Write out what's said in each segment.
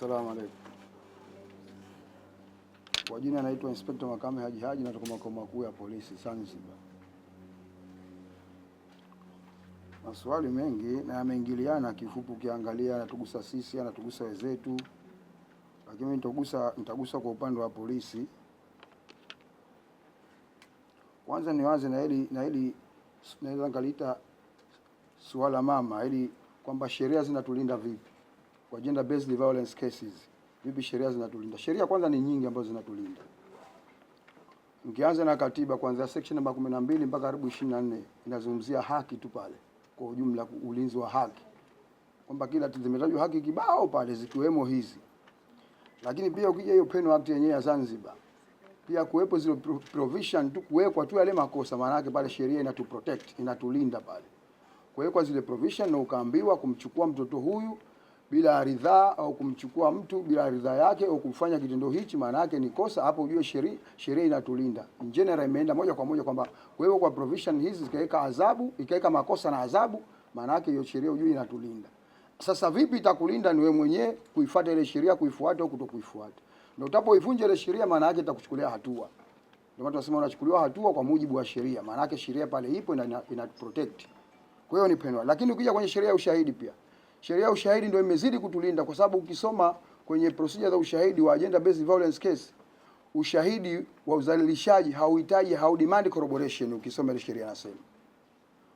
Assalamu alaikum. Kwa jina naitwa Inspekta Makame Haji Haji, natoka makao makuu ya polisi Zanzibar. Maswali mengi na yameingiliana, kifupi ukiangalia anatugusa sisi, anatugusa wenzetu, lakini nitagusa nitagusa kwa upande wa polisi. Kwanza nianze na hili na hili naweza nikaliita suala mama, ili kwamba sheria zinatulinda vipi kwa gender based violence cases, vipi sheria zinatulinda? Sheria kwanza ni nyingi ambazo zinatulinda. Nkianza na katiba kwanza, section namba 12 mpaka karibu 24 inazungumzia haki tu pale kwa ujumla, ulinzi wa haki, kwamba kila zimetajwa haki kibao pale zikiwemo hizi. Lakini pia ukija hiyo Penal Act yenyewe ya Zanzibar pia kuwepo zile provision tu kuwekwa tu yale makosa, maana yake pale sheria inatu protect inatulinda pale kuwekwa zile provision, na ukaambiwa kumchukua mtoto huyu bila ridhaa au kumchukua mtu bila ridhaa yake au kumfanya kitendo hichi, maana yake ni kosa. Hapo ujue sheria sheria inatulinda in general, imeenda moja kwa moja kwamba kwa hiyo, kwa provision hizi zikaweka adhabu, ikaweka makosa na adhabu, maana yake hiyo sheria ujue inatulinda. Sasa vipi itakulinda? Ni wewe mwenyewe kuifuata ile sheria, kuifuata au kutokuifuata. Na utapoivunja ile sheria, maana yake itakuchukulia hatua. Ndio maana tunasema unachukuliwa hatua kwa mujibu wa sheria, maana yake sheria pale ipo ina, ina, ina protect. Kwa hiyo ni penalty, lakini ukija kwenye sheria ya ushahidi pia sheria ya ushahidi ndio imezidi kutulinda, kwa sababu ukisoma kwenye procedure za ushahidi wa agenda based violence case, ushahidi wa udhalilishaji hauhitaji hau demand corroboration. Ukisoma ile sheria inasema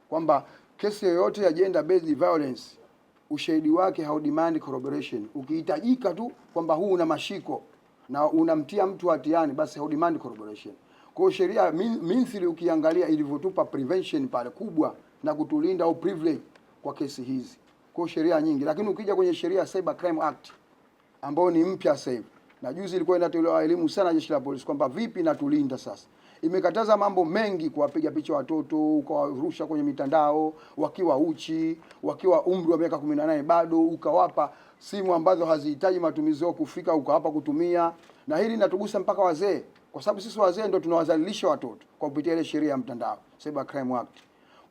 kwamba kesi yoyote ya agenda based violence ushahidi wake hau demand corroboration. Ukihitajika tu kwamba huu una mashiko na unamtia mtu hatiani, basi hau demand corroboration. Kwa sheria Misri ukiangalia ilivyotupa prevention pale kubwa na kutulinda au privilege kwa kesi hizi kwa sheria nyingi, lakini ukija kwenye sheria ya Cyber Crime Act ambayo ni mpya sasa hivi, na juzi ilikuwa inatolewa elimu sana jeshi la polisi kwamba vipi natulinda sasa imekataza mambo mengi, kuwapiga picha watoto, ukawarusha kwenye mitandao wakiwa uchi, wakiwa umri wa miaka 18 bado, ukawapa simu ambazo hazihitaji matumizi yao kufika, ukawapa kutumia. Na hili linatugusa mpaka wazee, kwa sababu sisi wazee ndio tunawazalilisha watoto kwa kupitia ile sheria ya mtandao, Cyber Crime Act.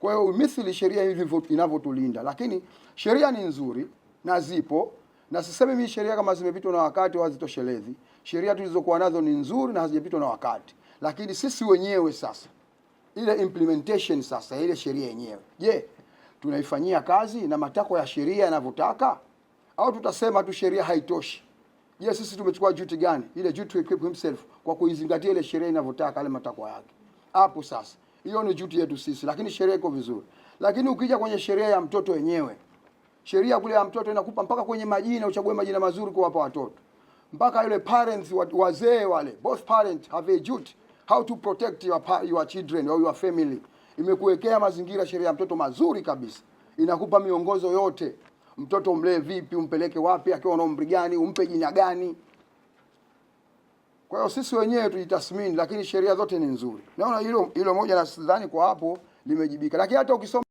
Kwa hiyo mithili sheria hivi inavyotulinda, lakini sheria ni nzuri na zipo, na sisemi mimi sheria kama zimepitwa na wakati au hazitoshelezi. Sheria tulizokuwa nazo ni nzuri na hazijapitwa na wakati, lakini sisi wenyewe sasa, ile implementation sasa, ile sheria yenyewe, je, tunaifanyia kazi na matakwa ya sheria yanavyotaka, au tutasema tu sheria haitoshi? Je, sisi tumechukua duty gani ile, duty to equip himself kwa kuizingatia ile sheria inavyotaka, ile matakwa yake hapo sasa hiyo ni juti yetu sisi, lakini sheria iko vizuri. Lakini ukija kwenye sheria ya mtoto wenyewe, sheria kule ya mtoto inakupa mpaka kwenye majina, uchague majina mazuri kuwapa watoto, mpaka yule parents wazee wale, both parents have a duty how to protect your, your children or your family. Imekuwekea mazingira sheria ya mtoto mazuri kabisa, inakupa miongozo yote, mtoto mlee vipi, umpeleke wapi, akiwa na umri gani, umpe jina gani. Kwa hiyo sisi wenyewe tujitathmini, lakini sheria zote ni nzuri. Naona hilo hilo moja, na sidhani kwa hapo limejibika, lakini hata ukisoma